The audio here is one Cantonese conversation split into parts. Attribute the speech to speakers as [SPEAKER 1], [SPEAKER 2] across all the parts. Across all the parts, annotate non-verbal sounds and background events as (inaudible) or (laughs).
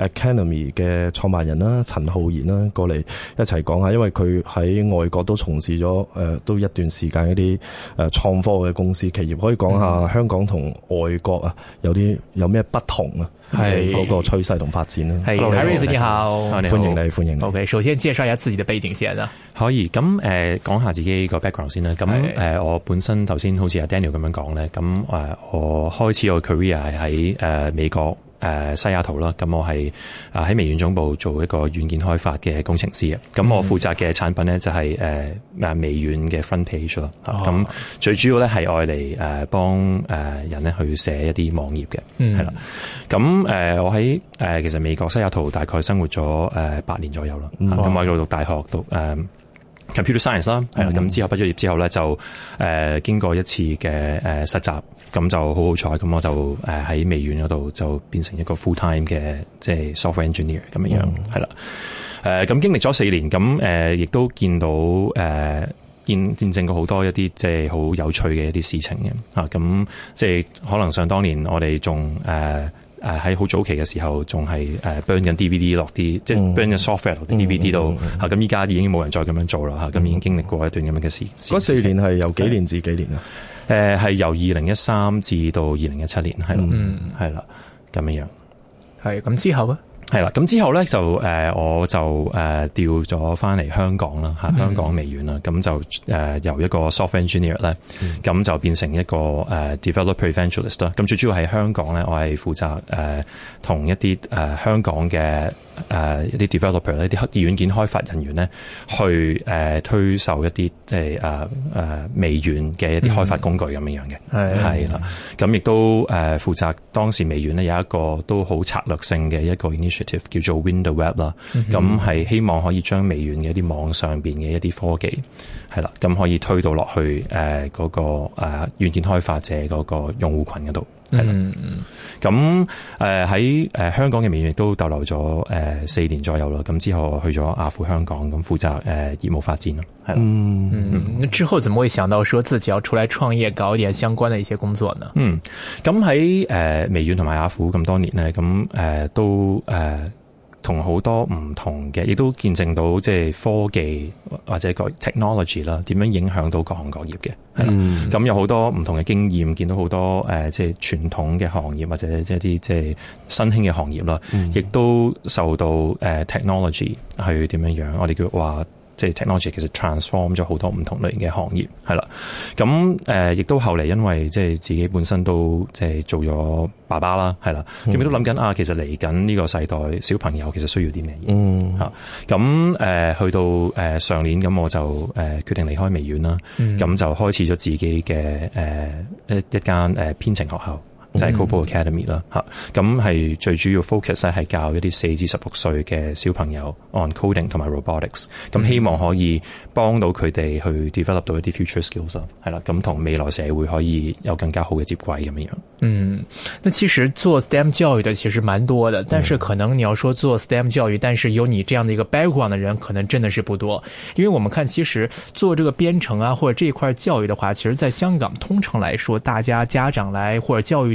[SPEAKER 1] Academy 嘅創辦人啦，陳浩然啦，過嚟一齊講下，因為佢喺外國都從事咗誒、呃，都一段時間一啲誒創科嘅公司企業，可以講下香港同外國啊，有啲有咩不同啊？係嗰個趨勢同發展咧。係，Daniel 是 Okay, 你好，歡迎你，歡迎你。
[SPEAKER 2] OK，首先介紹下自己嘅背景先啦。可以咁
[SPEAKER 3] 誒、呃，講下自己個 background 先啦。咁誒是、呃，我本身頭先好似阿 Daniel 咁樣講咧，咁誒、呃，我開始我 career 係喺誒美國。誒西雅圖啦，咁我係啊喺微軟總部做一個軟件開發嘅工程師嘅，咁、嗯、我負責嘅產品呢，就係誒誒微軟嘅 front page 咯、哦，咁最主要咧係愛嚟誒幫誒人咧去寫一啲網頁嘅，係啦、嗯，咁誒我喺誒其實美國西雅圖大概生活咗誒八年左右啦，咁、哦、我喺度讀大學讀 computer science 啦、嗯，係啦，咁之後畢咗業之後咧就誒經過一次嘅誒實習。咁就好好彩，咁我就喺、呃、微軟嗰度就變成一個 full time 嘅即係 software engineer 咁樣係啦。咁、嗯呃、經歷咗四年，咁、呃、亦都見到誒、呃、見見證過好多一啲即係好有趣嘅一啲事情嘅咁、啊啊、即係可能想當年我哋仲誒喺好早期嘅時候仲係誒 burn 緊 DVD 落啲，嗯、即係 burn 緊 software 落啲 DVD 度咁依家已經冇人再咁樣做啦咁、啊、已經經歷過一段咁樣嘅事。嗰、嗯、間四年係由幾年至幾年啊？對誒係、呃、由二零一三至到二零一七年係咯，係啦咁樣樣，
[SPEAKER 2] 係咁之後咧，
[SPEAKER 3] 係啦咁之後咧就誒、呃、我就誒、呃、調咗翻嚟香港啦嚇，香港微軟啦，咁、嗯、就誒、呃、由一個 soft engineer, s o f t e n g i n e e r 咧，咁就變成一個誒 developer evangelist 啦，咁最主要喺香港咧，我係負責誒同、呃、一啲誒、呃、香港嘅。誒、uh, 一啲 developer 呢啲軟件開發人員咧，去誒、uh, 推售一啲即係微軟嘅一啲開發工具咁樣嘅，
[SPEAKER 1] 啦、mm。咁、
[SPEAKER 3] hmm. 亦都誒負責當時微軟咧有一個都好策略性嘅一個 initiative，叫做 Window Web 啦、mm。咁、hmm. 係希望可以將微軟嘅一啲網上面嘅一啲科技係啦，咁可以推到落去誒嗰、uh, 個誒軟、uh, 件開發者嗰個用戶群嗰度。係啦，咁誒喺誒香港嘅微軟亦都逗留咗
[SPEAKER 2] 誒四年左右啦，咁之後去咗阿富香港，咁負責誒、呃、業務發展咯，係啦。嗯嗯，嗯之後怎麼會想到說自己要出嚟創業，搞點相關嘅一些工作呢？嗯，
[SPEAKER 3] 咁喺誒微軟同埋阿富咁多年咧，咁誒、呃、都誒。呃同好多唔同嘅，亦都見證到即係科技或者個 technology 啦，點樣影響到各行各業嘅，係啦。咁、嗯、有好多唔同嘅經驗，見到好多誒即係傳統嘅行業或者即係啲即係新興嘅行業啦，嗯、亦都受到誒 technology 去點樣樣，我哋叫話。即係 technology 其實 transform 咗好多唔同類型嘅行業，係啦。咁誒，亦、呃、都後嚟因為即係自己本身都即係做咗爸爸啦，係啦。咁、嗯、都諗緊啊，其實嚟緊呢個世代小朋友其實需要啲咩嘢？嗯、嗯。咁誒、呃，去到誒、呃、上年咁，我就誒、呃、決定離開微軟啦。咁、嗯、就開始咗自己嘅誒、呃、一、一間誒、呃、編程學校。就係 cobo Academy 啦、嗯，吓，咁係最主要 focus 係教一啲四至十六歲嘅小朋友 on coding 同埋 robotics，咁、嗯、希望可以幫到佢哋去 develop 到一啲 future skills 咯，係啦，咁同未來社會可以有更加好嘅接軌咁樣。
[SPEAKER 2] 嗯，那其實做 STEM 教育的其實蠻多的，但是可能你要說做 STEM 教育，但是有你這樣的一個 background 的人可能真的是不多，因為我們看其實做這個編程啊或者這一塊教育的話，其實在香港通常來說大家家長來或者教育。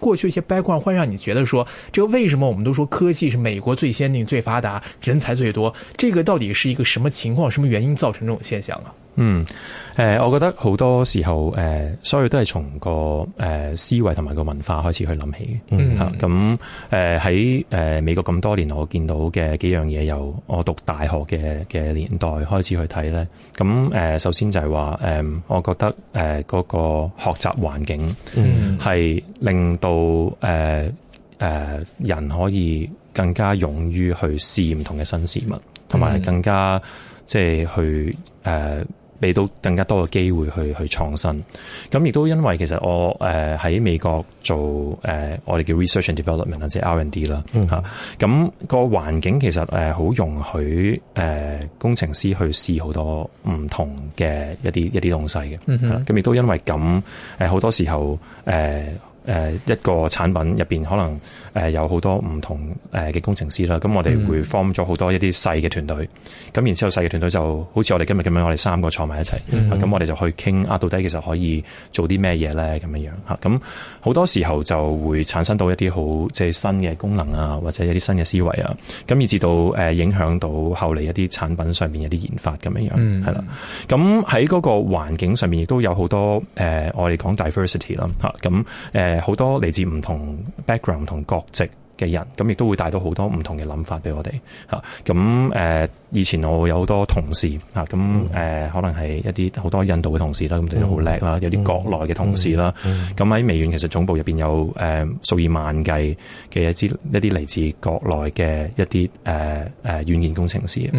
[SPEAKER 2] 過去一些掰礦會讓你覺得說，這個為什麼我們都說科技是美國最先進、最發達、人才最多？這個到底是一個什麼情況？什麼原因造成這種現象啊？
[SPEAKER 3] 嗯，誒、呃，我覺得好多時候，誒、呃，所以都係從、個誒、呃、思維同埋個文化開始去諗起嘅嗯，吓，咁誒喺誒美國咁多年，我見到嘅幾樣嘢，由我讀大學嘅嘅年代開始去睇咧。咁、呃、首先就係話，誒、呃，我覺得誒嗰、呃個學習環境，嗯，係令到誒人可以更加勇於去試唔同嘅新事物，同埋更加即係去誒。呃俾到更加多嘅機會去去創新，咁亦都因為其實我誒喺美國做誒我哋叫、R d、research and development 啦，即係 R and D 啦吓，咁個環境其實誒好容許誒工程師去試好多唔同嘅一啲一啲東西嘅，咁亦都因為咁誒好多時候誒。呃誒一個產品入面可能誒有好多唔同誒嘅工程師啦，咁我哋會 form 咗好多一啲細嘅團隊，咁、mm hmm. 然之後細嘅團隊就好似我哋今日咁樣，我哋三個坐埋一齊，咁、mm hmm. 啊、我哋就去傾啊，到底其實可以做啲咩嘢咧？咁樣樣嚇，咁好多時候就會產生到一啲好即係新嘅功能啊，或者一啲新嘅思維啊，咁以至到影響到後嚟一啲產品上面一啲研發咁樣、mm hmm. 樣，係啦，咁喺嗰個環境上面亦都有好多誒、呃，我哋講 diversity 啦嚇，咁、啊、誒。好多嚟自唔同 background 同國籍嘅人，咁亦都會帶到好多唔同嘅諗法俾我哋吓。咁誒。以前我有好多同事咁誒、嗯啊、可能係一啲好多印度嘅同事啦，咁、嗯嗯、都好叻啦，有啲國內嘅同事啦。咁喺、嗯嗯嗯、微軟其實總部入邊有誒、呃、數以萬計嘅一啲一啲嚟自國內嘅一啲誒誒軟件工程師。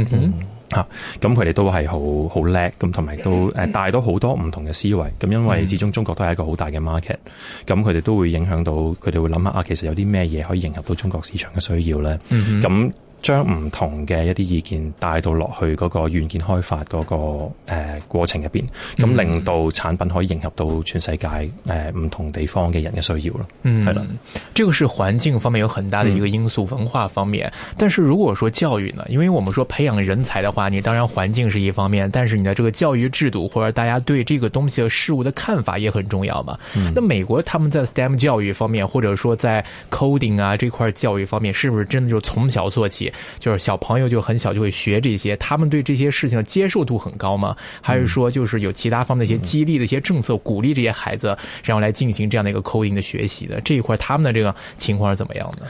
[SPEAKER 3] 咁佢哋都係好好叻，咁同埋都誒帶到好多唔同嘅思維。咁因為始終中國都係一個好大嘅 market，咁佢哋都會影響到佢哋會諗下啊，其實有啲咩嘢可以迎合到中國市場嘅需要咧。咁、嗯哼將唔同嘅一啲意見帶到落去嗰個軟件開發嗰、那個誒、呃、過程入邊，咁令到產品可以
[SPEAKER 2] 迎合到全世界誒唔、呃、同地方嘅人嘅需要咯。嗯，係啦，這個是環境方面有很大的一個因素，文化方面。嗯、但是如果說教育呢？因為我們說培養人才的話，你當然環境是一方面，但是你的這個教育制度或者大家對這個東西的事物嘅看法也很重要嘛。嗯、那美國他們在 STEM 教育方面，或者說在 coding 啊這塊教育方面，是不是真的就從小做起？就是小朋友就很小就會學這些，他們對這些事情的接受度很高嗎？還是說就是有其他方面一些激勵的一些政策，嗯、鼓勵這些孩子，然後來進行這樣的一個 coding 的學習的這一塊，他們的這個情況是怎麼樣呢、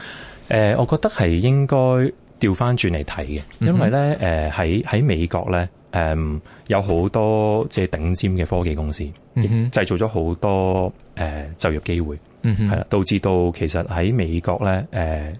[SPEAKER 2] 呃？我覺得係應該調翻轉嚟睇嘅，因為呢誒
[SPEAKER 3] 喺喺美國呢誒、呃、有好多即係頂尖嘅科技公司，
[SPEAKER 2] 製、嗯、哼
[SPEAKER 3] 造咗好多誒、呃、就業機會，係啦、嗯哼，導致到其實喺美國呢誒。呃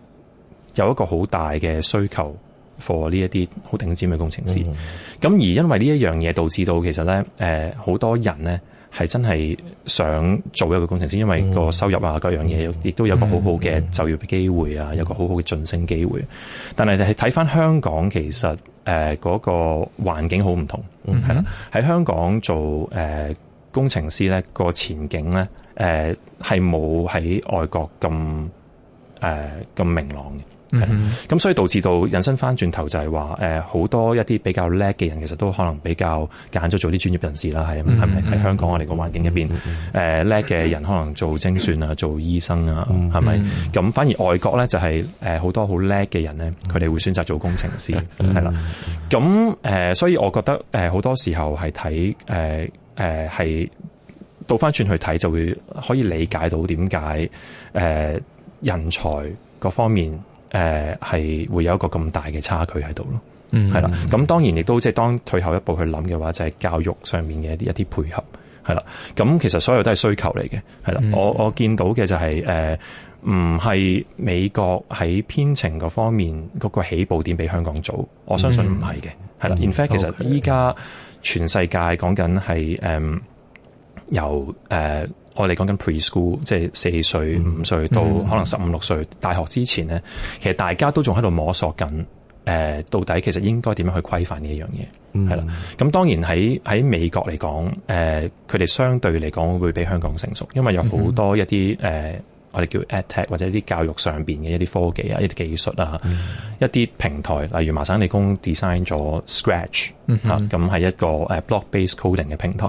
[SPEAKER 3] 有一個好大嘅需求，for 呢一啲好頂尖嘅工程師。咁、mm hmm. 而因為呢一樣嘢導致到，其實咧，誒，好多人咧係真係想做一個工程師，因為個收入啊，嗰樣嘢，亦都有個好好嘅就業機會啊，mm hmm. 有一個好好嘅晉升機會。但係你睇返香港，其實誒嗰個環境好唔同，係啦、mm，喺、hmm. 香港做誒工程師咧個前景咧，誒係冇喺外國咁誒咁明朗嘅。咁、mm hmm. 嗯、所以導致到人生翻轉頭就係話誒，好、呃、多一啲比較叻嘅人其實都可能比較揀咗做啲專業人士啦，係咪？喺、mm hmm. 香港我哋個環境入邊誒叻嘅人可能做精算啊，做醫生啊，係咪、mm？咁、hmm. 反而外國咧就係誒好多好叻嘅人咧，佢哋會選擇做工程師，係啦。咁誒，所以我覺得誒好、呃、多時候係睇誒誒係倒翻轉去睇，呃呃、就會可以理解到點解誒人才各方面。誒係、呃、會有一個咁大嘅差距喺度咯，嗯，係啦。咁當然亦都即係當退後一步去諗嘅話，就係教育上面嘅一啲配合，係啦。咁其實所有都係需求嚟嘅，係啦。嗯、我我見到嘅就係、是、誒，唔、呃、係美國喺編程嗰方面嗰個起步點比香港早，我相信唔係嘅，係啦。In fact，其實依家全世界講緊係誒由誒。嗯我哋講緊 preschool，即係四歲、嗯、五歲到可能十五、嗯、六歲大學之前咧，其實大家都仲喺度摸索緊、呃，到底其實應該點樣去規範呢一樣嘢，係啦、嗯。咁當然喺喺美國嚟講，誒佢哋相對嚟講會比香港成熟，因為有好多一啲誒。嗯呃我哋叫 EdTech 或者一啲教育上邊嘅一啲科技啊、一啲技術啊、mm hmm. 一啲平台，例如麻省理工 design 咗 Scratch 咁係一個誒 block base coding 嘅平台，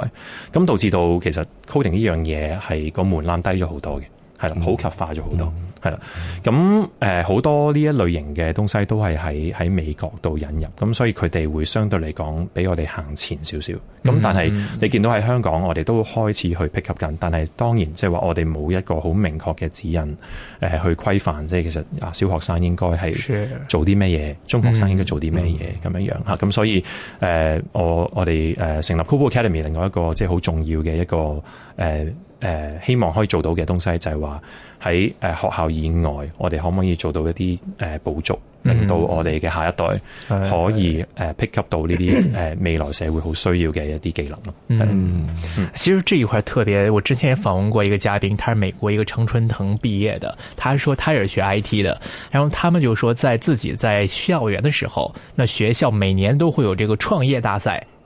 [SPEAKER 3] 咁導致到其實 coding 呢樣嘢係個門檻低咗好多嘅，係啦，普及化咗好多。Mm hmm. 嗯係啦，咁誒好多呢一類型嘅東西都係喺喺美國度引入，咁所以佢哋會相對嚟講比我哋行前少少。咁但係你見到喺香港，我哋都開始去 pick up 緊，但係當然即係話我哋冇一個好明確嘅指引去規範，即係其實啊小學生應該係做啲咩嘢，中學生應該做啲咩嘢咁樣樣嚇。咁所以誒、呃、我我哋誒成立 Cobo Academy 另外一個即係好重要嘅一個誒。呃誒希望可以做到嘅東西就係話，喺誒學校以外，我哋可唔可以做到一啲誒補足，令到我哋嘅下一代可以 p pick up 到呢啲未來社會好需要嘅一啲技能咯。嗯，
[SPEAKER 2] 其實這一塊特別，我之前也訪問過一個嘉賓，他是美國一個常春藤畢業的，他說他也是學 IT 的，然後他們就說在自己在校園的時候，那學校每年都會有這個創業大賽。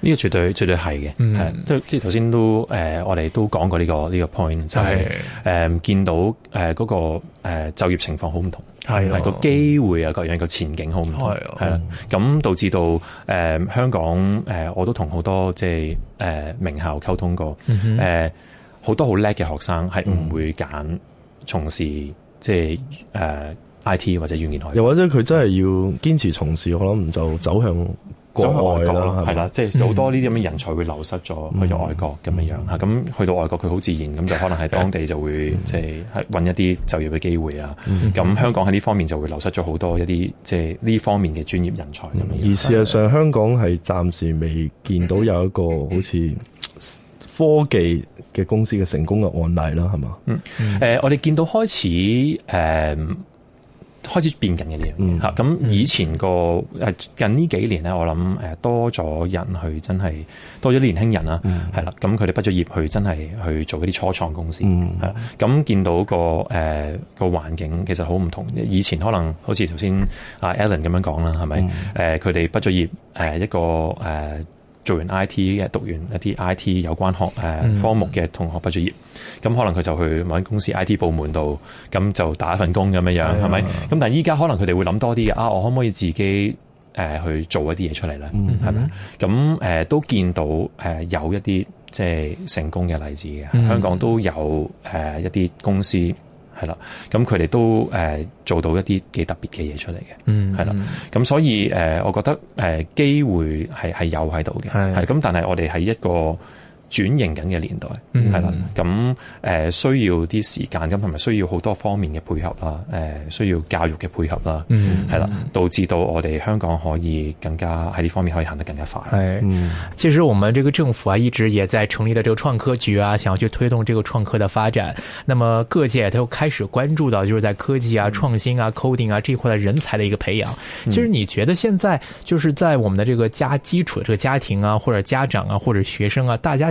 [SPEAKER 2] 呢個絕對絕對係嘅，係即係即係頭先都誒、呃，我哋都講過呢、這個呢、這個 point，就係、是、誒是
[SPEAKER 3] 的、呃、見到誒嗰、呃那個誒、呃、就業情況好唔同，係個機會啊各樣個前景好唔同，係啦，咁導致到誒、呃、香港誒、呃，我都同好多即係誒名校溝通過，誒好、嗯哼 呃、多好叻嘅學生係唔會揀從事即係誒 IT 或者軟件行業，又
[SPEAKER 1] 或者佢真係要堅持從事，是的 我諗唔就走向。國外啦，即係好吧、就是、多
[SPEAKER 3] 呢啲咁嘅人才會流失咗去咗外國咁樣嚇，咁、嗯、去到外國佢好自然咁就可能喺當地就會即係搵一啲就業嘅機會啊。咁、嗯、香港喺呢方面就會流失咗好多一啲即係呢方面嘅專業人才咁樣、嗯。而事實
[SPEAKER 1] 上，香港係暫時未見到有一個好似科技嘅公司嘅成功嘅案例啦，係嘛、嗯嗯呃？
[SPEAKER 3] 我哋見到開始、uh, 開始變緊嘅嘢，咁以前個近呢幾年咧，我諗多咗人去，真係多咗年輕人啦，係啦、嗯，咁佢哋畢咗業去，佢真係去做嗰啲初創公司，係啦、嗯，咁見到個誒、呃、個環境其實好唔同，以前可能好似頭先阿 Alan 咁樣講啦，係咪？誒佢哋畢咗業，誒、呃、一個誒。呃做完 I T 嘅，讀完一啲 I T 有關學、呃嗯、科目嘅同學畢咗業，咁可能佢就去某間公司 I T 部門度，咁就打一份工咁樣樣係咪？咁、嗯、吧但係依家可能佢哋會諗多啲嘅，啊，我可唔可以自己、呃、去做一啲嘢出嚟咧？係咪？咁、呃、都見到、呃、有一啲即係成功嘅例子嘅，嗯、香港都有、呃、一啲公司。係啦，咁佢哋都誒做到一啲幾特別嘅嘢出嚟嘅，係啦嗯嗯，咁所以誒，我覺得誒機會係係有喺度嘅，係咁係，但係我哋喺一個。轉型緊嘅年代，係啦，咁、嗯、誒、嗯、需要啲時間，咁同埋需要好多方面嘅配合啦，誒需要教育嘅配合啦，係啦、嗯，導致到我哋
[SPEAKER 2] 香港可以更加喺呢方面可以行得更加快。係、嗯，其實我們這個政府啊，一直也在成立咗這個創科局啊，想要去推動這個創科嘅發展。那麼各界，都又開始關注到就是在科技啊、創新啊、coding 啊這一塊的人才嘅一個培養。嗯、其實你覺得現在就是在我們的這個家基礎嘅這個家庭啊，或者家長啊，或者學生啊，大家。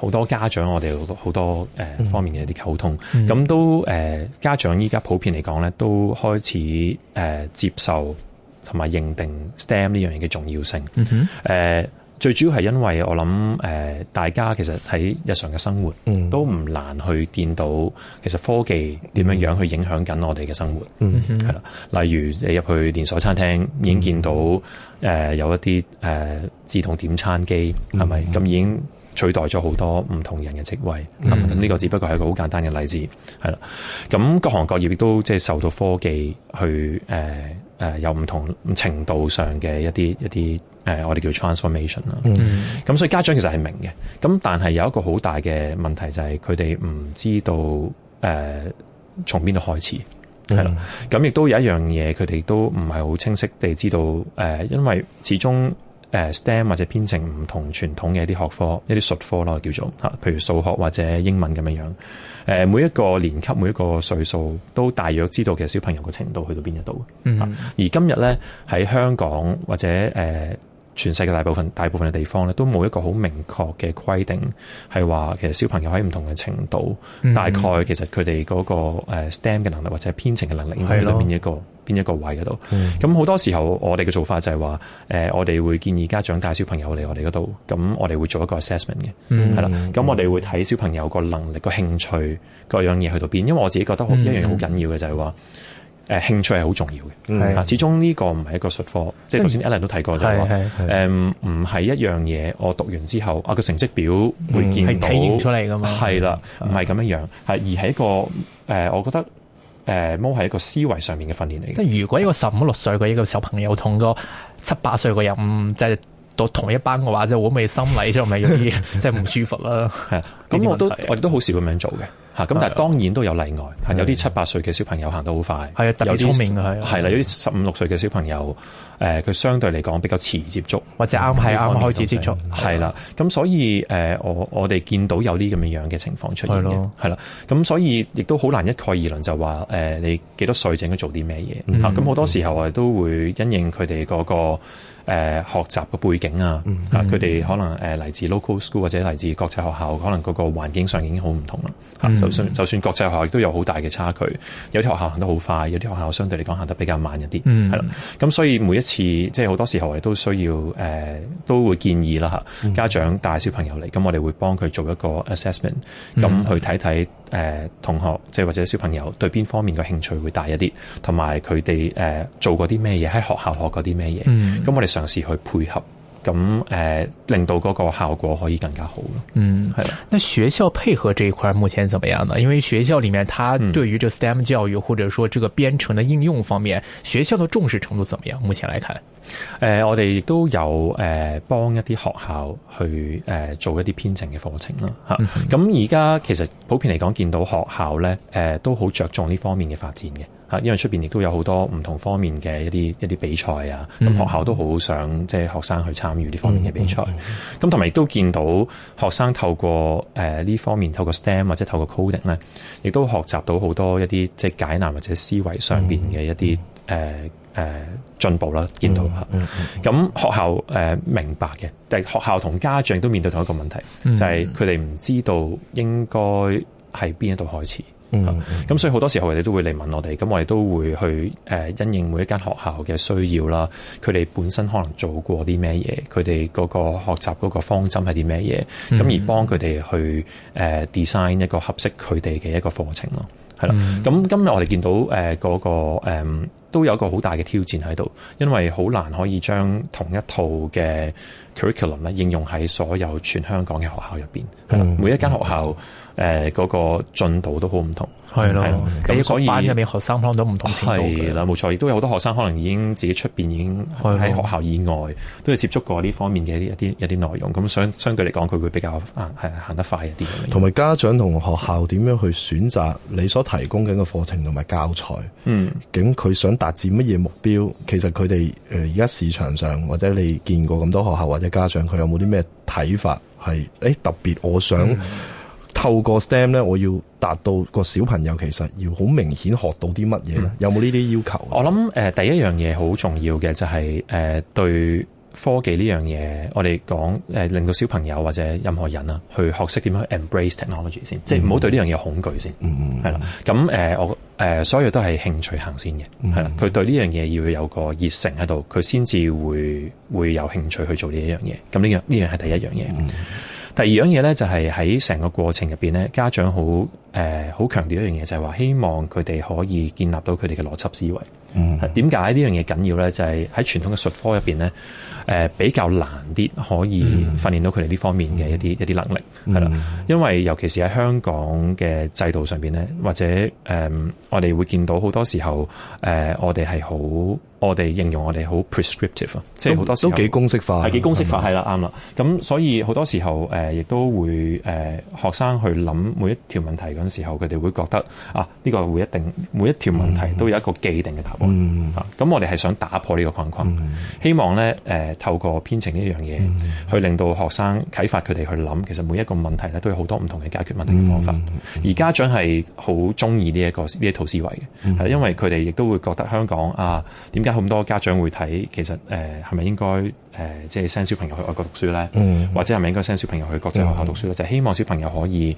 [SPEAKER 3] 好多家長，我哋好多、呃、方面嘅一啲溝通，咁、嗯、都、呃、家長依家普遍嚟講咧，都開始、呃、接受同埋認定 STEM 呢樣嘢嘅重要性。嗯哼呃、最主要係因為我諗、呃、大家其實喺日常嘅生活、嗯、都唔難去見到，其實科技點樣樣去影響緊我哋嘅生活。係啦、嗯哼，例如你入去連鎖餐廳、嗯、哼已經見到、呃、有一啲、呃、自動點餐機係咪咁已經取代咗好多唔同人嘅職位，咁呢、mm hmm. 個只不過係一個好簡單嘅例子，係啦。咁各行各業亦都即係受到科技去誒誒、呃呃、有唔同程度上嘅一啲一啲誒、呃，我哋叫 transformation 啦、mm。
[SPEAKER 1] 咁、
[SPEAKER 3] hmm. 所以家長其實係明嘅，咁但係有一個好大嘅問題就係佢哋唔知道誒、呃、從邊度開始，係啦。咁亦都有一樣嘢，佢哋都唔係好清晰地知道誒、呃，因為始終。STEM 或者編程唔同傳統嘅一啲學科、一啲術科咯，叫做吓，譬如數學或者英文咁樣樣。誒，每一個年級、每一個歲數都大約知道其實小朋友嘅程度去到邊一度。嗯、mm。Hmm. 而今日咧喺香港或者誒、呃、全世界大部分大部分嘅地方咧，都冇一個好明確嘅規定，係話其實小朋友喺唔同嘅程度，mm hmm. 大概其實佢哋嗰個 STEM 嘅能力或者編程嘅能力應該去到邊一個。邊一個位嗰度？咁好多時候我哋嘅做法就係話，誒、呃，我哋會建議家長帶小朋友嚟我哋嗰度，咁我哋會做一個 assessment 嘅，係啦、嗯，咁我哋會睇小朋友個能力、嗯、個興趣、嗰樣嘢去到邊。因為我自己覺得一樣嘢好緊要嘅就係話，誒、嗯嗯啊，興趣係好重要嘅，啊，始終呢個唔係一個術科，即係頭先 Alan 都提過就係話誒，唔係一樣嘢，我讀完之後啊個成績表會見到係、嗯、體現出嚟噶嘛，係啦，唔係咁樣樣，係的、嗯、而係一個，誒、呃，我覺得。
[SPEAKER 2] 誒，踎係一個思維上面嘅訓練嚟嘅。即係如果一個十五六歲嘅一個小朋友同個七八歲嘅人，即係到同一班嘅話，即係會唔會心理即係咪容易，即係唔舒服啦？
[SPEAKER 3] 係、 (laughs) 嗯，咁我都我哋都好少咁樣做嘅。咁但係當然都有例外，的有啲七八歲嘅小朋友行得好快，係啊的些，特別聰明啊，係。啦，有啲十五六歲嘅小朋友，誒、呃，佢相對嚟講比較遲接觸，或者啱係啱開始接觸，係啦、嗯。咁所以誒、呃，我我哋見到有啲咁樣嘅情況出現嘅，啦的。咁所以亦都好難一概而論，就話誒、呃，你幾多歲應該做啲咩嘢？咁好多時候啊，都會因應佢哋嗰個。誒學習嘅背景啊，啊、嗯，佢哋可能誒嚟自 local school 或者嚟自國際學校，可能嗰個環境上已經好唔同啦。嗯、就算就算國際學校都有好大嘅差距，有啲學校行得好快，有啲學校相對嚟講行得比較慢一啲，係啦、嗯。咁所以每一次即係好多時候，我哋都需要、呃、都會建議啦嚇，家長帶、嗯、小朋友嚟，咁我哋會幫佢做一個 assessment，咁去睇睇。誒、呃，同學即係或者小朋友對邊方面嘅興趣會大一啲，同埋佢哋誒做過啲咩嘢，喺學校學過啲咩嘢，咁、嗯、我哋嘗試去配合，咁誒、呃、令到嗰個效果可以更加好咯。嗯，
[SPEAKER 2] 係啦吧。那學校配合這一塊目前怎麼樣呢？因為學校裏面，他對於這 STEM 教育，或者說這個編程的應用方面，嗯、學校的重視程度怎麼樣？目前來看。誒、呃，我哋亦都有誒，幫、呃、一啲學校去誒、呃、做一啲編程嘅課程啦。
[SPEAKER 3] 吓、啊，咁而家其實普遍嚟講，見到學校咧，誒、呃、都好着重呢方面嘅發展嘅吓、啊，因為出邊亦都有好多唔同方面嘅一啲一啲比賽啊，咁學校都好想即係、就是、學生去參與呢方面嘅比賽。咁同埋亦都見到學生透過誒呢、呃、方面，透過 STEM 或者透過 coding 咧，亦都學習到好多一啲即係解難或者思維上邊嘅一啲誒。 (laughs) (laughs) (laughs) (laughs) 誒，進步啦，見到咁學校誒明白嘅，但係學校同家長都面對同一個問題，嗯、就係佢哋唔知道應該喺邊一度開始。咁、嗯嗯、所以好多時候，佢哋都會嚟問我哋，咁我哋都會去誒因應每一間學校嘅需要啦。佢哋本身可能做過啲咩嘢，佢哋嗰個學習嗰個方針係啲咩嘢，咁、嗯、而幫佢哋去誒 design 一個合適佢哋嘅一個課程咯。係啦、嗯，咁今日我哋見到誒、那、嗰個、嗯都有一個好大嘅挑戰喺度，因為好難可以將同一套嘅 curriculum 啦應用喺所有全香港嘅學校入邊，嗯。每一間學校誒嗰、嗯呃嗰個進度都好唔同，係咯。咁所以，所以班入面
[SPEAKER 2] 學生攞到唔同程度係
[SPEAKER 3] 啦的，冇錯，亦都有好多學生可能已經自己出邊已經喺學校以外的都係接觸過呢方面嘅一啲一啲內容。咁相相對嚟講，佢會比較係行，行得快一
[SPEAKER 1] 啲。同埋家長同學校點樣去選擇你所提供緊嘅課程同埋教材？嗯，究竟佢想達至乜嘢目標？其實佢哋誒，而家市場上或者你見過咁多學校或者家長，佢有冇啲咩睇法？係、欸、誒，特別我想透過 STEM 咧，我要達到個小朋友其實要好明顯學到啲乜嘢咧？嗯、有冇呢啲要求？我諗誒、呃，第一樣嘢好重要嘅就係、是、誒、呃、對。
[SPEAKER 3] 科技呢樣嘢，我哋講令到小朋友或者任何人啊，去學識點樣 embrace technology 先，mm hmm. 即係唔好對呢樣嘢恐懼先，係啦、mm。咁、hmm. 呃、我、呃、所有都係興趣行先嘅，係啦、mm。佢、hmm. 對呢樣嘢要有個熱誠喺度，佢先至會會有興趣去做呢樣嘢。咁呢樣呢樣係第一樣嘢。Mm hmm. 第二樣嘢咧，就係喺成個過程入邊咧，家長好、呃、好強調一樣嘢，就係、是、話希望佢哋可以建立到佢哋嘅邏輯思維。嗯，點解呢樣嘢緊要咧？就係喺傳統嘅術科入邊咧，誒、呃、比較難啲，可以訓練到佢哋呢方面嘅一啲、嗯、一啲能力係啦、嗯。因為尤其是喺香港嘅制度上邊咧，或者誒、嗯、我哋會見到好多時候，誒我哋係好，我哋形容我哋好 prescriptive 啊都，即係好多都幾公式化，係幾公式化係啦，啱啦。咁所以好多時候，誒亦都，嗎、呃、都會，誒、呃、學生去諗每一條問題嗰陣時候，佢哋會覺得啊呢個會一定每一條問題都有一個既定嘅答案。嗯嗯，咁、嗯、我哋係想打破呢個框框，嗯、希望咧、呃、透過編程呢樣嘢，嗯、去令到學生啟發佢哋去諗。其實每一個問題咧都有好多唔同嘅解決問題嘅方法。嗯嗯嗯、而家長係好中意呢一個呢一套思維嘅、嗯，因為佢哋亦都會覺得香港啊，點解咁多家長會睇？其實誒係咪應該誒即係 send 小朋友去外國讀書咧？嗯嗯、或者係咪應該 send 小朋友去國際學校讀書咧？嗯嗯、就係希望小朋友
[SPEAKER 1] 可以。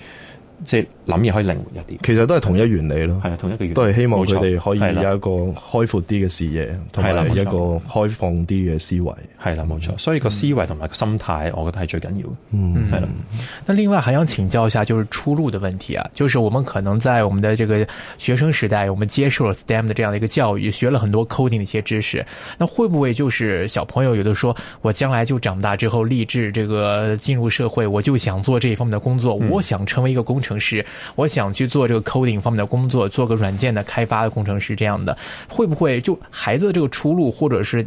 [SPEAKER 1] 即係諗嘢可以靈活一啲，其實都係同一原理咯。係啊，同一個原理，都係希望佢哋可以有一個開闊啲嘅視野，同埋錯一個開放啲嘅思維。
[SPEAKER 3] 係
[SPEAKER 2] 啦，冇錯。所以個思維同埋個心態，我覺得係最緊要。嗯，係啦的、嗯。那另外還想請教一下，就是出路嘅問題啊。就是我們可能在我們的這個學生時代，我們接受了 STEM 的這樣的一個教育，學了很多 coding 嘅一些知識。那會不會就是小朋友有的說，我將來就長大之後，立志這個進入社會，我就想做這一方面的工作，嗯、我想成為一個工程。城市，我想去做這個 coding 方面的工作，做個軟件的開發的工程師這樣的，會不會就孩子的這個出路，或者是？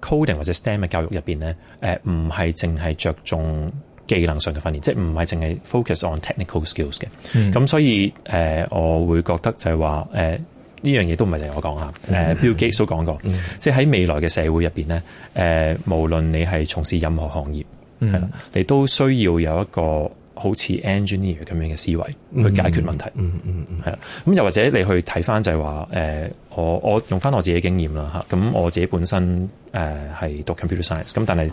[SPEAKER 3] coding 或者 STEM 嘅教育入邊咧，誒唔係淨係着重技能上嘅訓練，即、就、係、是、唔係淨係 focus on technical skills 嘅。咁、嗯、所以誒、呃、我會覺得就係話誒呢樣嘢都唔係淨係我講啊，誒、呃、Bill Gates 都講過，嗯、即係喺未來嘅社會入邊咧，誒、呃、無論你係從事任何行業，係啦、嗯，你都需要有一個。好似 engineer 咁樣嘅思維去解決問題，嗯嗯，係啦、mm。咁、hmm. mm hmm. 又或者你去睇翻就係話誒我我用翻我自己嘅經驗啦吓，咁我自己本身誒係讀 computer science，咁但係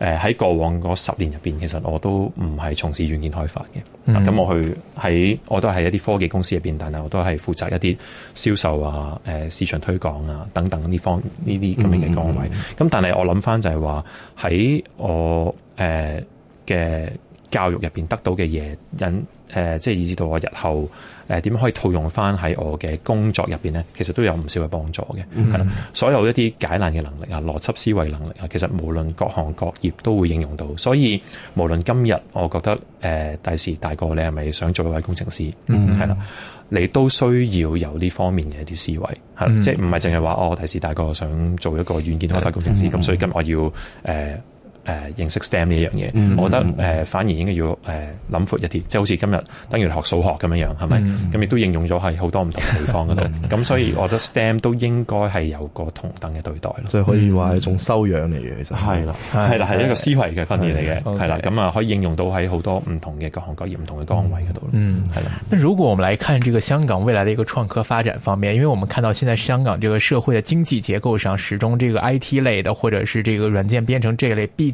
[SPEAKER 3] 誒喺過往嗰十年入邊，其實我都唔係從事軟件開發嘅。咁、mm hmm. 我去喺我都係一啲科技公司入邊，但係我都係負責一啲銷售啊、誒市場推廣啊等等呢方呢啲咁樣嘅崗位。咁、mm hmm. 但係我諗翻就係、是、話，喺我誒嘅。呃教育入邊得到嘅嘢，引誒、呃，即係以至到我日後誒點、呃、可以套用翻喺我嘅工作入邊咧，其實都有唔少嘅幫助嘅，係啦、mm hmm.。所有一啲解難嘅能力啊，邏輯思維能力啊，其實無論各行各業都會應用到。所以無論今日，我覺得誒，第、呃、時大個你係咪想做一位工程師，係啦、mm hmm.，你都需要有呢方面嘅一啲思維，係、mm hmm. 即係唔係淨係話哦，我第時大個想做一個軟件開發工程師，咁、mm hmm. 所以今日我要誒。呃誒認識 STEM 呢樣嘢，我覺得誒反而應該要誒諗闊一啲，即係好似今日等於學數學咁樣樣，係咪？咁亦都應用咗喺好多唔同地方嗰度。咁所以，我覺得 STEM 都應該係有個同等嘅對待。所以可以
[SPEAKER 1] 話係一種修養嚟嘅，其實係啦，係啦，係一個思
[SPEAKER 3] 維嘅訓練嚟
[SPEAKER 1] 嘅，係啦。
[SPEAKER 2] 咁啊，可以應用到喺好多唔同
[SPEAKER 3] 嘅各行各業、唔同嘅崗位嗰
[SPEAKER 1] 度。嗯，係啦。如
[SPEAKER 2] 果我們嚟看這個香港未來嘅一個創科發展方面，因為我們看到現在香港這個社會嘅經濟結構上，始終這個 IT 類的，或者是這個軟件編程這一類，必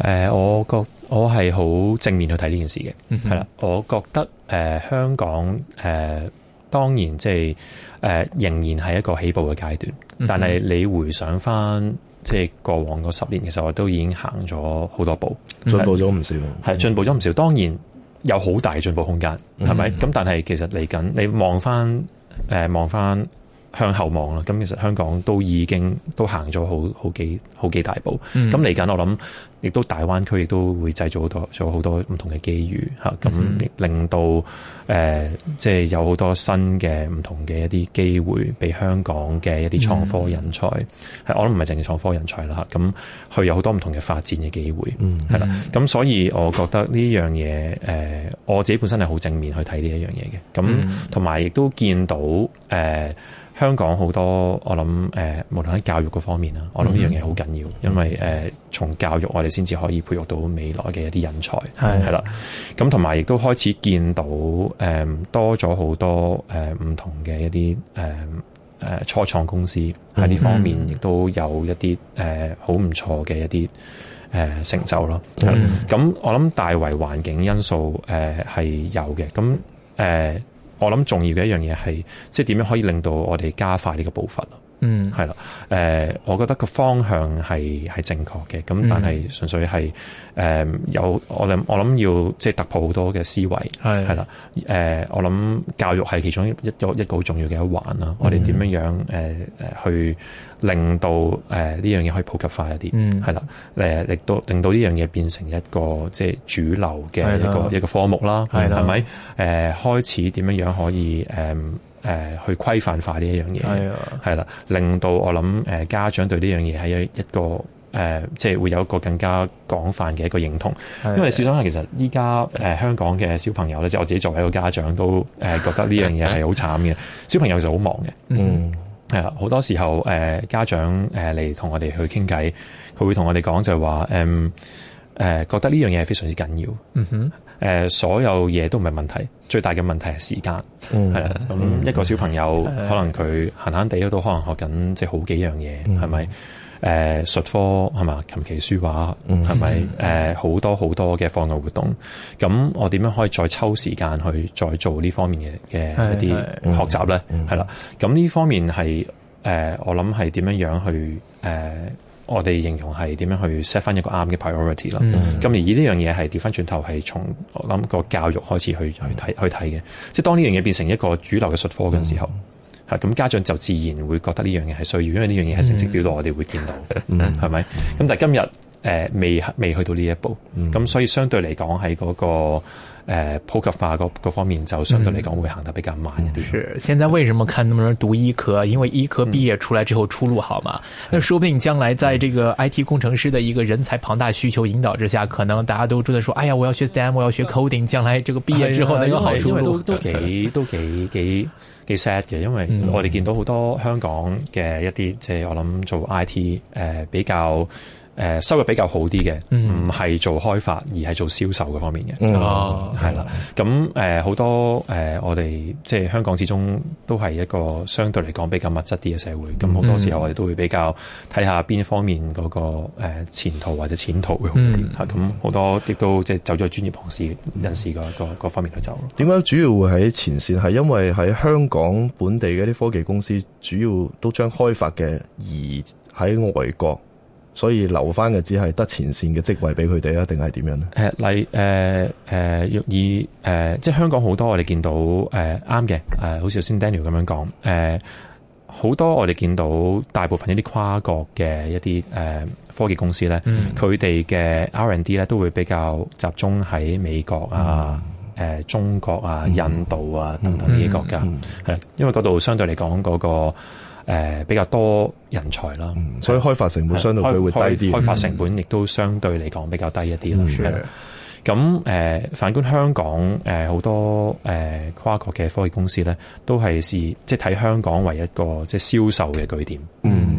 [SPEAKER 2] 誒，我覺我係好正面去睇呢件事嘅，係啦。我覺得誒、嗯哼呃、香港誒、呃、
[SPEAKER 3] 當然即係誒仍然係一個起步嘅階段，嗯、哼但係你回想翻即係過往嗰十年，其實我都已經行咗好多步，嗯、哼是進步咗唔少，係進步咗唔少。當然有好大進步空間，係咪？咁、嗯、哼但係其實嚟緊，你望翻誒望翻。呃向後望啦，咁其實香港都已經都行咗好好幾好幾大步，咁嚟緊我諗亦都大灣區亦都會製造好多做好多唔同嘅機遇嚇，咁、mm hmm. 令到誒即係有好多新嘅唔同嘅一啲機會俾香港嘅一啲創科人才，mm hmm. 我諗唔係淨係創科人才啦，咁佢有好多唔同嘅發展嘅機會，嗯、mm，係啦、hmm.，咁所以我覺得呢樣嘢誒，我自己本身係好正面去睇呢一樣嘢嘅，咁同埋亦都見到誒。呃香港好多我諗，誒，無論喺教育嗰方面啦，我諗呢樣嘢好緊要，嗯、因為誒，從、呃、教育我哋先至可以培育到未來嘅一啲人才，係係啦。咁同埋亦都開始見到，誒、嗯，多咗好多誒唔、呃、同嘅一啲誒誒初創公司喺呢、嗯、方面，亦都有一啲誒好唔錯嘅一啲誒、呃、成就咯。咁、嗯、我諗大圍環境因素，誒、呃、係有嘅。咁誒。呃我諗重要嘅一樣嘢係，即係點樣可以令到我哋加快呢個步伐啦。嗯，係啦，誒，我覺得個方向係係正確嘅，咁但係純粹係誒有我諗我諗要即係突破好多嘅思維係係啦，誒的，我諗教育係其中一一個好重要嘅一環啦，嗯，我哋點樣樣誒誒去令到誒呢樣嘢可以普及化一啲，嗯，係啦，誒，令到令到呢樣嘢變成一個即係主流嘅一個一個科目啦，係咪？誒，開始點樣樣可以誒？嗯誒，去規範化呢一樣嘢係啦，令到我諗誒，家長對呢樣嘢係有一個誒、呃，即係會有一個更加廣泛嘅一個認同。哎、呀因爲事實上，其實依家誒香港嘅小朋友咧，即係我自己作爲一個家長都誒覺得呢樣嘢係好慘嘅。哎、呀小朋友就好忙嘅，嗯
[SPEAKER 1] 哼，係啦，
[SPEAKER 3] 好多時候誒、呃、家長誒嚟同我哋去傾偈，佢會同我哋講就係話，誒、呃、誒、呃，覺得呢樣嘢非常之緊要。嗯哼。誒、呃、所有嘢都唔係問題，最大嘅問題係時間，係啦。咁一個小朋友、嗯、可能佢閒閒地都可能學緊即係好幾樣嘢，係咪、嗯？誒、呃、術科係嘛，琴棋書畫，係咪、嗯？誒好、嗯、多好多嘅課外活動，咁、嗯、我點樣可以再抽時間去再做呢方面嘅嘅一啲是學習咧？係、嗯、啦，咁呢方面係誒、呃，我諗係點樣樣去誒、呃我哋形容係點樣去 set 翻一個啱嘅 priority 咯。咁、嗯、而呢樣嘢係調翻轉頭係從我諗個教育開始去、嗯、去睇去睇嘅。即係當呢樣嘢變成一個主流嘅術科嘅時候，咁、嗯、家長就自然會覺得呢樣嘢係需要，因為呢樣嘢係成績表度我哋會見到，係咪？咁但係今日、呃、未未去到呢一步，咁、嗯、所以相對嚟
[SPEAKER 2] 講喺嗰個。誒普及化嗰嗰方面就相對嚟講會行得比較慢一啲。是，現在為什麼看那麼多人讀醫科？因為醫科畢業出來之後出路好嘛？那、嗯、說不定將來在這個 IT 工程師的一個人才龐大需求引導之下，可能大家都覺得說：哎呀，我要學 STEM，我要學 coding、嗯。將來這個畢業之後呢？都都幾
[SPEAKER 3] 都幾幾幾 sad 嘅，因為我哋見到好多香港嘅一啲，即係、嗯、我諗做 IT 誒、呃、比較。誒收入比較好啲嘅，唔係做開發而係做銷售嘅方面嘅，啦、啊。咁誒好多誒、呃，我哋即係香港始終都係一個相對嚟講比較物質啲嘅社會。咁好多時候我哋都會比較睇下邊方面嗰個前途或者錢途嘅。咁好、嗯嗯嗯、多，亦都即係走咗專業行事人士個、嗯、各方面去走。
[SPEAKER 1] 點解主要會喺前線？係因為喺香港本地嘅一啲科技公司，主要都將開發嘅而喺外國。所以留翻嘅只係得前線嘅職位俾佢哋啊，定係點樣咧？誒、呃，例
[SPEAKER 3] 誒誒，以、呃、即係香港好多我哋見到誒，啱嘅好似頭先 Daniel 咁樣講誒，好、呃、多我哋見到大部分一啲跨國嘅一啲、呃、科技公司咧，佢哋嘅 R&D 咧都會比較集中喺美國啊、嗯呃、中國啊、印度啊、嗯、等等呢啲國家，嗯嗯、因為嗰度相對嚟講嗰個。誒、呃、比較多人才啦、嗯，所以開發成本相對佢會低啲，開發成本亦都相對嚟講比較低一啲啦，係啦。咁誒、嗯的呃，反觀香港誒，好、呃、多誒、呃、跨國嘅科技公司咧，都係視即係睇香港為一個即係銷售嘅據點。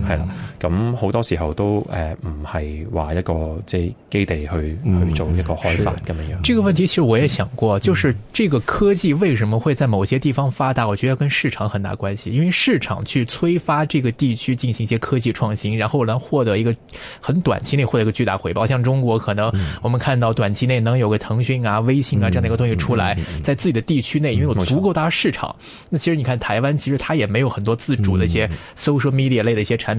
[SPEAKER 3] 係啦，咁好、嗯、多時候都誒唔係話一個即係，基地去去做一個開發咁樣樣、嗯。
[SPEAKER 2] 這個問題其實我也想過，嗯、就是這個科技為什麼會在某些地方發達？嗯、我覺得跟市場很大關係，因為市場去催發這個地區進行一些科技創新，然後能獲得一個很短期內獲得一個巨大回報。像中國可能我們看到短期內能有個騰訊啊、微信啊這樣的一個東西出來，嗯嗯嗯嗯、在自己的地區內，因為有足夠大市場。錯那其實你看台灣，其實它也沒有很多自主的一些 social media 類的一些產品。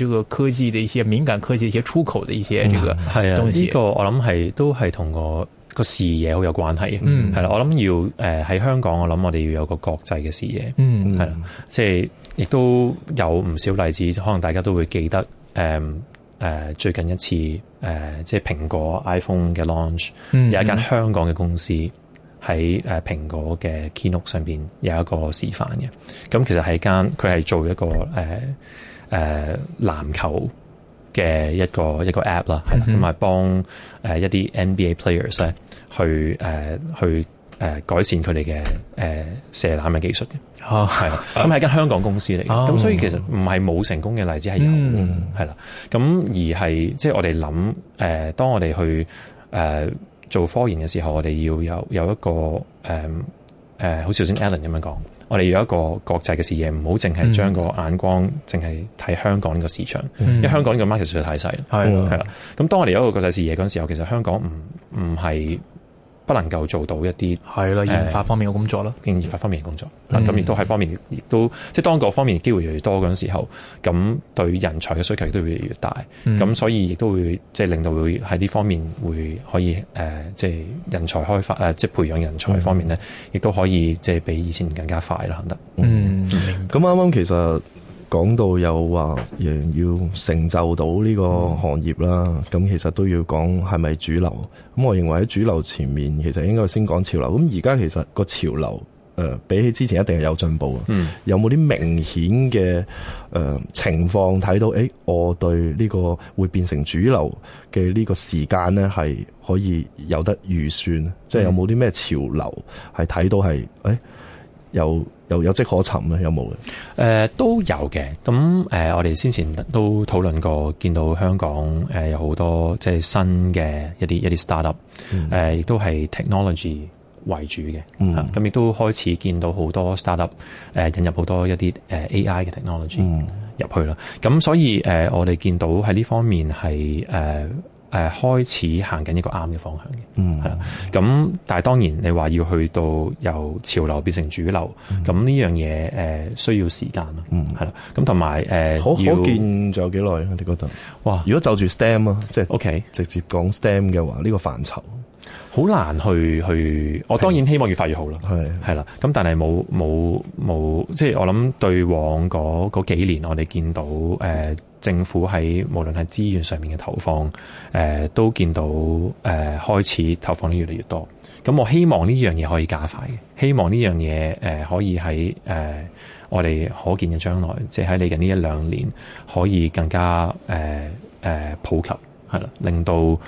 [SPEAKER 2] 這個科技的一些敏感科技、一些出口的一些這、嗯的，這個係啊，呢
[SPEAKER 3] 個我諗係都係同個個視野好有關係。嗯，係啦，我諗要誒喺、呃、香港，我諗我哋要有個國際嘅視野。嗯，係啦，即係亦都有唔少例子，可能大家都會記得。誒、嗯、誒、呃，最近一次誒、呃，即係蘋果 iPhone 嘅 launch、嗯、有一間香港嘅公司喺誒、嗯呃、蘋果嘅 Keynote 上邊有一個示範嘅。咁其實係一間佢係做一個誒。呃誒籃、呃、球嘅一個一個 app 啦，係啦、mm，咁、hmm. 係幫誒一啲 NBA players 咧、呃，去誒去誒改善佢哋嘅誒射籃嘅技術嘅，係啦、oh.，咁係間香港公司嚟嘅，咁、oh. 所以其實唔係冇成功嘅例子係有，係啦、mm，咁、hmm. 而係即係我哋諗誒當我哋去誒、呃、做科研嘅時候，我哋要有有一個誒誒、呃、好似頭先 Alan 咁樣講。我哋要一個國際嘅視野，唔好淨係將個眼光淨係睇香港呢個市場，嗯、因為香港呢個 market 實在太細。係啦，咁當我哋有一個國際視野嗰陣時候，其實香港唔唔係，不能夠做到一啲係啦，研發方面嘅工作啦、嗯，研發方面嘅工作，咁亦都係方面亦都，即係當各方面機會越來越多嗰陣時候，咁對人才嘅需求亦都會越嚟越大，咁、嗯、所以亦都會即、即係、令到會喺呢方面會可以即、呃即係、人才開發即、呃即係、培養人才方面咧，亦都、嗯、可以即係、即係、比以前更加快啦，得嗯，
[SPEAKER 1] 咁啱啱其實。講到又話，要成就到呢個行業啦，咁其實都要講係咪主流。咁我認為喺主流前面，其實應該先講潮流。咁而家其實個潮流，誒、呃、比起之前一定係有進步啊。嗯、有冇啲明顯嘅誒、呃、情況睇到？誒、欸、我對呢個會變成主流嘅呢個時間呢，係可以有得預算，嗯、即係有冇啲咩潮流係睇到係誒、欸、有？有有迹可尋咧，有冇嘅？誒、呃、都有嘅。咁誒、呃，我哋先前都討論過，見到
[SPEAKER 3] 香港誒、呃、有好多即係新嘅一啲一啲 startup，誒亦、嗯呃、都係 technology 為主嘅。嗯、啊，咁亦都開始見到好多 startup 誒、呃、引入好多一啲誒、呃、AI 嘅 technology 入、嗯、去啦。咁、啊、所以誒、呃，我哋見到喺呢方面係誒。呃誒開始行緊呢個啱嘅方向嘅，嗯，係啦。咁但係當然你話要去到由潮流變成主流，咁呢樣嘢
[SPEAKER 1] 需要時間咯，嗯，係啦。咁同埋誒，好可見仲有幾耐我哋嗰度，哇！如果就住 STEM 啊，即係 OK，直接講 STEM 嘅話，呢個範疇好難去
[SPEAKER 3] 去。我當然希望越快越好啦，係係啦。咁但係冇冇冇，即係我諗對往嗰幾年，我哋見到誒。呃政府喺無論係資源上面嘅投放，誒、呃、都見到誒、呃、開始投放得越嚟越多。咁我希望呢樣嘢可以加快嘅，希望呢樣嘢誒可以喺誒、呃、我哋可見嘅將來，即係喺你近呢一兩年，可以更加誒、呃呃、普及，係啦，令到誒、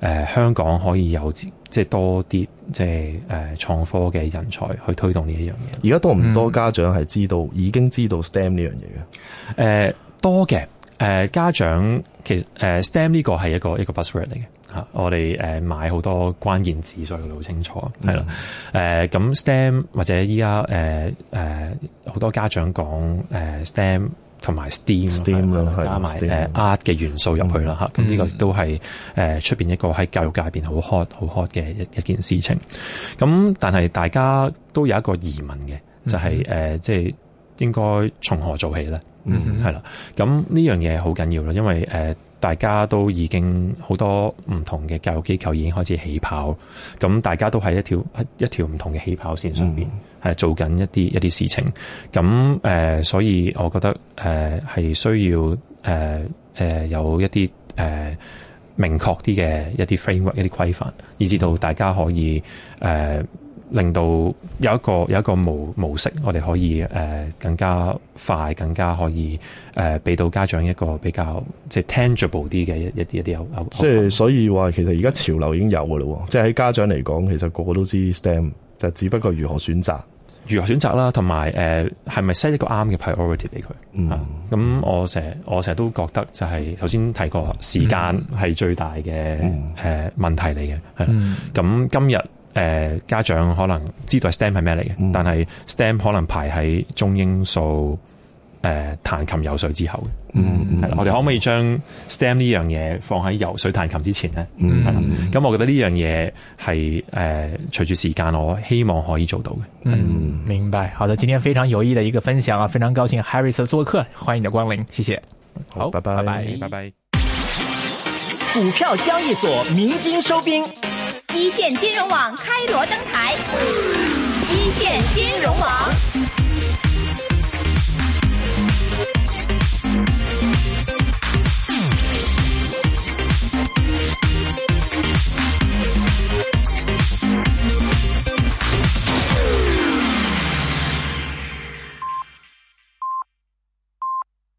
[SPEAKER 3] 呃、香港可以有即係多啲即係誒、呃、創科嘅人才去推動呢一樣嘢。而家多唔多、嗯、家長係知道已經知道 STEM 呢樣嘢嘅？多嘅。誒，家長其實誒，STEM 呢個係一個一個 buzzword 嚟嘅吓，我哋誒買好多關鍵字，所以佢好清楚係啦。誒、嗯，咁 STEM 或者依家、誒誒，好、呃、多家長講誒，STEM 同埋 STEAM 加埋誒 Art 嘅元素入去啦吓，咁呢、嗯、個都係誒出邊一個喺教育界、邊好 hot 好 hot 嘅一一件事情。咁但係大家都有一個疑問嘅，就係、是、誒，即係、嗯就是呃、應該從何做起咧？嗯，係啦、mm，咁、hmm. 呢樣嘢好緊要啦，因為誒、呃，大家都已經好多唔同嘅教育機構已經開始起跑，咁大家都喺一條一一條唔同嘅起跑線上邊，係、mm hmm. 做緊一啲一啲事情，咁誒、呃，所以我覺得誒係、呃、需要誒誒、呃呃、有一啲誒、呃、明確啲嘅一啲 framework 一啲規範，以至到大家可以誒。呃令到有一個有一個模模式，我哋可以誒、呃、更加快、更加可以誒俾、呃、到家長一個比較、就是、即係 tangible 啲嘅一一啲一啲即係
[SPEAKER 1] 所以話，其實而家潮流已經有嘅咯。即係喺家長嚟講，其實個個都知 STEM，就只不過如何選擇、如何選擇啦，同埋誒係咪 set 一
[SPEAKER 3] 個啱嘅 priority 俾佢。咁、嗯啊、我成日我成日都覺得、就是，就係頭先提過時間係最大嘅誒、嗯啊、問題嚟嘅。嗯。咁今日。誒、呃，家長可能知道 STEM 係咩嚟嘅，嗯、但係 STEM 可能排喺中英數誒彈琴游水之後嘅，係啦、嗯嗯。我哋可唔可以將 STEM 呢樣嘢放喺游水彈琴之前咧？係啦、嗯，咁我覺得呢樣嘢係誒隨住時間，我希望可以做到嘅。嗯，
[SPEAKER 2] 嗯明白。好的，今天非常有意嘅一個分享啊，非常高興 Harris 做客，歡迎你嘅光臨，謝謝。好，拜拜拜拜拜拜。股票交易所明金收兵。一線金融網開
[SPEAKER 1] 鑼登台，一線金融網。